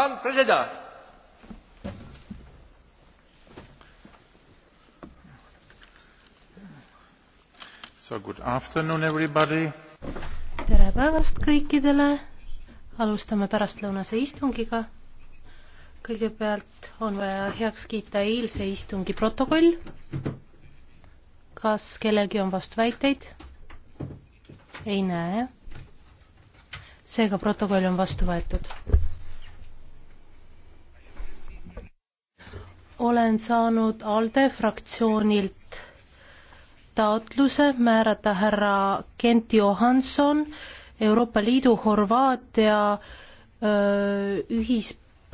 Pan prezident. So good afternoon everybody. tere päevast kõikidele. alustame pärastlõunase istungiga. kõigepealt on vaja heaks kiita eilse istungi protokoll. kas kellelgi on vastuväiteid? ei näe. seega protokoll on vastu võetud. olen saanud ALDE fraktsioonilt taotluse määrata härra Kent Johanson Euroopa Liidu Horvaatia ühis-